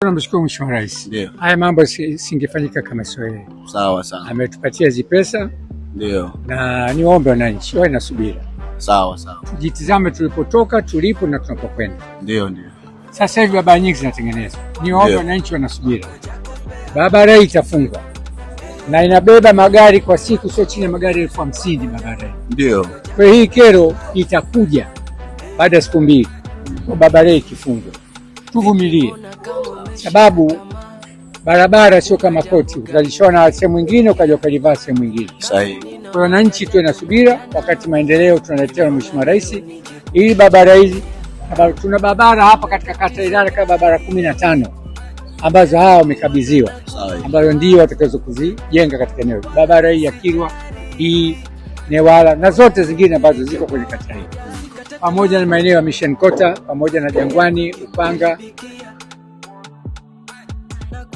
Tunamshukuru Mheshimiwa Rais. Ndio. Haya mambo singefanyika kama sio Sawa sana. Ametupatia hizi pesa. Ndio. Na niwaombe wananchi wawe na subira. Sawa sawa. Tujitizame tulipotoka, tulipo na tunapokwenda. Ndio, ndio. Sasa hivi barabara nyingi zinatengenezwa. Niwaombe wananchi wana Barabara hii itafungwa na inabeba magari kwa siku sio chini ya magari elfu hamsini barabara hii. Ndio. Kwa hii kero itakuja baada ya siku mbili. Barabara hii ikifungwa. Tuvumilie sababu barabara sio kama koti, utalishona sehemu nyingine ukaja ukalivaa sehemu nyingine. Sahihi. Kwa wananchi tuwe na subira, wakati maendeleo tunaletewa na Mheshimiwa Rais ili barabara hizi. Tuna barabara hapa katika kata Ilala kama barabara kumi na tano ambazo hawa wamekabidhiwa, ambazo ndio watakazo kuzijenga katika eneo. Barabara hii ya Kilwa, hii Newala na zote zingine ambazo ziko kwenye kata hii pamoja na maeneo ya Mission Kota pamoja na Jangwani, Upanga